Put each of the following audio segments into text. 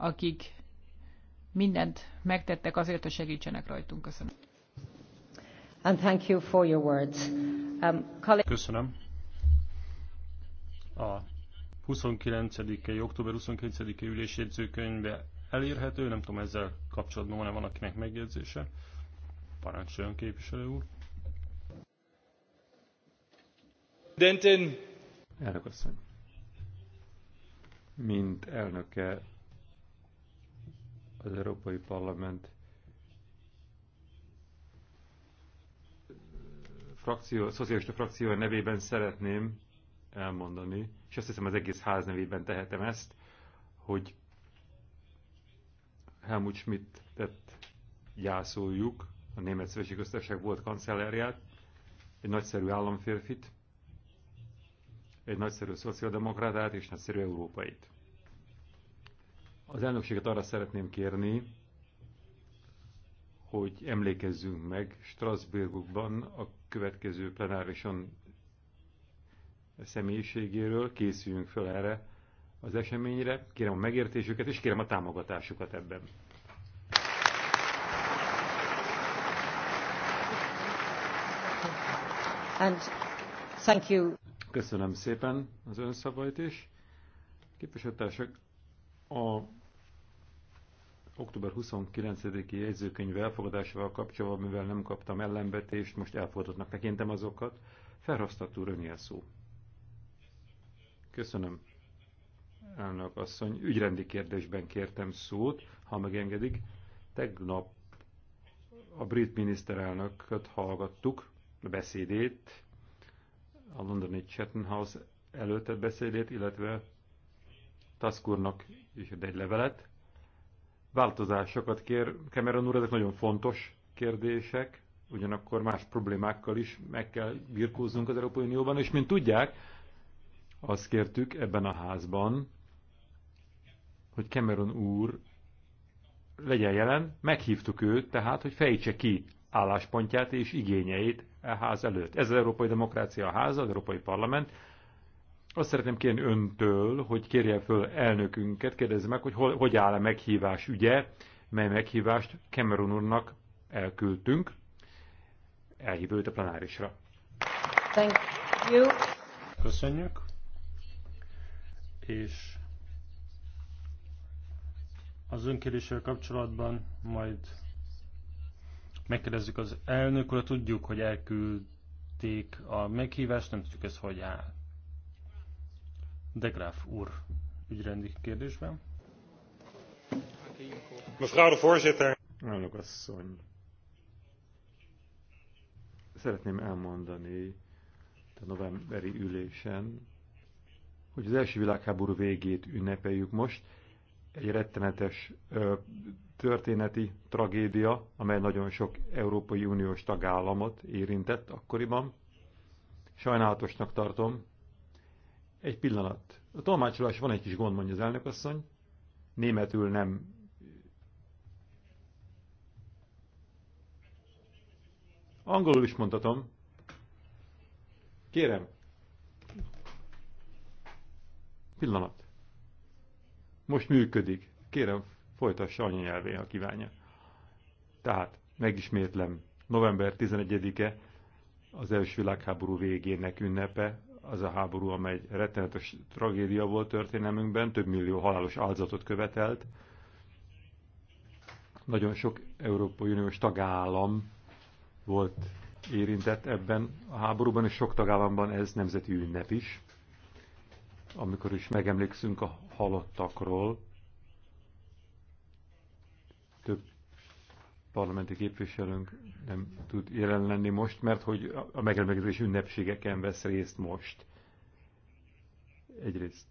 akik mindent megtettek azért, hogy segítsenek rajtunk. Köszönöm. And thank you for your words. Um, Köszönöm. A 29. október 29. ülésjegyzőkönyve elérhető, nem tudom ezzel kapcsolatban van-e van akinek megjegyzése. Parancsoljon képviselő úr. Dentin. Elnök asszony. Mint elnöke az Európai Parlament frakció, szocialista frakció nevében szeretném elmondani, és azt hiszem az egész ház nevében tehetem ezt, hogy Helmut Schmidt-et gyászoljuk, a Német Köztársaság volt kancellárját, egy nagyszerű államférfit, egy nagyszerű szociáldemokratát és nagyszerű európait. Az elnökséget arra szeretném kérni, hogy emlékezzünk meg Strasbourgban a következő plenárison személyiségéről, készüljünk fel erre az eseményre, kérem a megértésüket és kérem a támogatásukat ebben. And thank you. Köszönöm szépen az szavait is. Képviselőtársak, a október 29-i jegyzőkönyv elfogadásával kapcsolatban, mivel nem kaptam ellenbetést, most elfogadottnak tekintem azokat, felhasztott úr szó. Köszönöm. Elnök asszony, ügyrendi kérdésben kértem szót, ha megengedik. Tegnap a brit miniszterelnököt hallgattuk, a beszédét, a londoni Chatham House előtt beszédét, illetve Taskurnak is egy levelet. Változásokat kér Cameron úr, ezek nagyon fontos kérdések, ugyanakkor más problémákkal is meg kell birkóznunk az Európai Unióban, és mint tudják, azt kértük ebben a házban, hogy Cameron úr legyen jelen, meghívtuk őt, tehát, hogy fejtse ki álláspontját és igényeit e ház előtt. Ez az Európai Demokrácia Háza, az Európai Parlament, azt szeretném kérni öntől, hogy kérje föl elnökünket, kérdezze meg, hogy hol, hogy áll a meghívás ügye, mely meghívást Cameron úrnak elküldtünk. Elhívő őt a plenárisra. Thank you. Köszönjük. És az önkéréssel kapcsolatban majd megkérdezzük az elnök tudjuk, hogy elküldték a meghívást, nem tudjuk ez hogy áll. De Graaf úr ügyrendi kérdésben. Mevrouw de voorzitter. Elnök asszony. Szeretném elmondani a novemberi ülésen, hogy az első világháború végét ünnepeljük most. Egy rettenetes ö, történeti tragédia, amely nagyon sok Európai Uniós tagállamot érintett akkoriban. Sajnálatosnak tartom, egy pillanat. A tolmácsolás van egy kis gond, mondja az elnökasszony. Németül nem Angolul is mondhatom. Kérem. Pillanat. Most működik. Kérem, folytassa anyanyelvén, ha kívánja. Tehát, megismétlem, november 11-e az első világháború végének ünnepe, az a háború, amely rettenetes tragédia volt történelmünkben, több millió halálos áldozatot követelt. Nagyon sok Európai Uniós tagállam volt érintett ebben a háborúban, és sok tagállamban ez nemzeti ünnep is. Amikor is megemlékszünk a halottakról, több parlamenti képviselőnk nem tud jelen lenni most, mert hogy a megemlékezés ünnepségeken vesz részt most. Egyrészt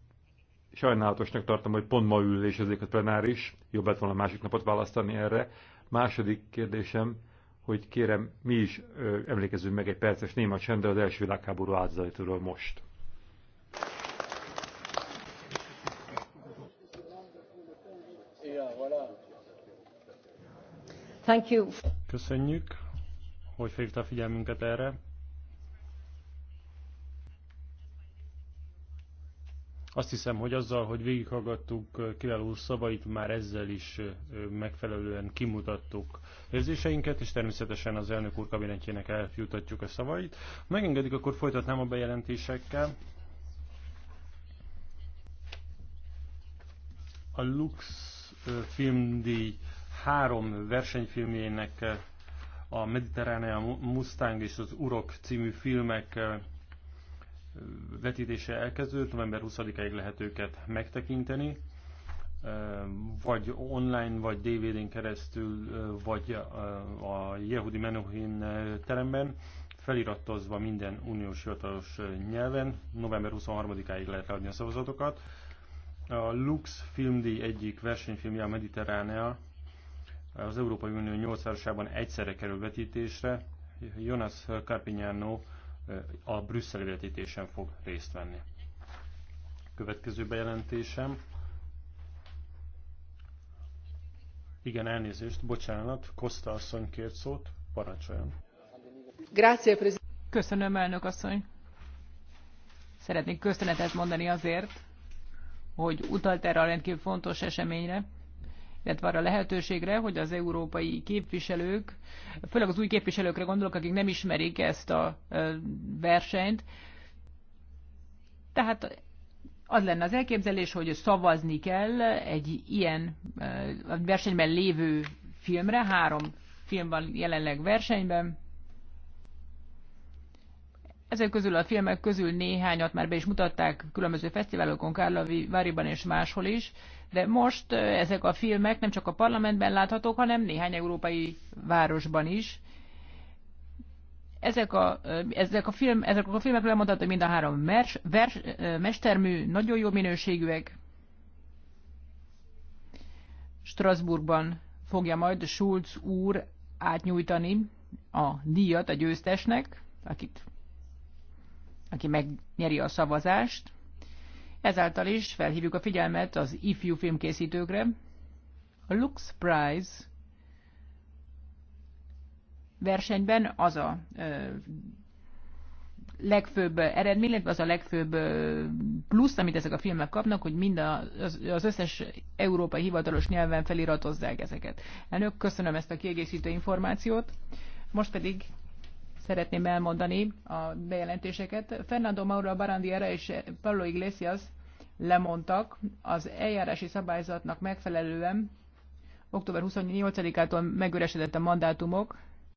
sajnálatosnak tartom, hogy pont ma ülés azért a plenáris, jobb lett volna másik napot választani erre. Második kérdésem, hogy kérem, mi is ö, emlékezzünk meg egy perces néma csendre az első világháború áldozatról most. Thank you. Köszönjük, hogy felhívta a figyelmünket erre. Azt hiszem, hogy azzal, hogy végighallgattuk eh, kiváló szavait, már ezzel is eh, megfelelően kimutattuk érzéseinket, és természetesen az elnök úr kabinetjének eljutatjuk a szavait. Megengedik, akkor folytatnám a bejelentésekkel. A Lux eh, filmdíj három versenyfilmjének eh, a Mediterránea Mustang és az Urok című filmek eh, vetítése elkezdődött, november 20-ig lehet őket megtekinteni, eh, vagy online, vagy DVD-n keresztül, vagy a Yehudi Menuhin teremben, feliratozva minden uniós hivatalos nyelven, november 23 ig lehet leadni a szavazatokat. A Lux filmdíj egyik versenyfilmje a Mediterránea, az Európai Unió 8 egyszerre kerül vetítésre, Jonas Carpignano eh, a brüsszeli vetítésen fog részt venni. Következő bejelentésem. Igen, elnézést, bocsánat, Kosta asszony kért szót, parancsoljon. Köszönöm, elnök asszony. Szeretnék köszönetet mondani azért, hogy utalt erre a rendkívül fontos eseményre illetve arra lehetőségre, hogy az európai képviselők, főleg az új képviselőkre gondolok, akik nem ismerik ezt a versenyt, tehát az lenne az elképzelés, hogy szavazni kell egy ilyen versenyben lévő filmre, három film van jelenleg versenyben, ezek közül a filmek közül néhányat már be is mutatták különböző fesztiválokon, váriban és máshol is, de most ezek a filmek nem csak a parlamentben láthatók, hanem néhány európai városban is. Ezek a, ezek a, film, ezek a filmek elmondható, hogy mind a három mers, vers, mestermű, nagyon jó minőségűek. Strasbourgban fogja majd Schulz úr átnyújtani a díjat a győztesnek, akit aki megnyeri a szavazást. Ezáltal is felhívjuk a figyelmet az ifjú filmkészítőkre. A Lux Prize versenyben az a ö, legfőbb eredmény, illetve az a legfőbb plusz, amit ezek a filmek kapnak, hogy mind a, az, az összes európai hivatalos nyelven feliratozzák ezeket. Elnök, köszönöm ezt a kiegészítő információt. Most pedig szeretném elmondani a bejelentéseket. Fernando Mauro Barandiera és Pablo Iglesias lemondtak az eljárási szabályzatnak megfelelően. Október 28-ától megüresedett a mandátumok,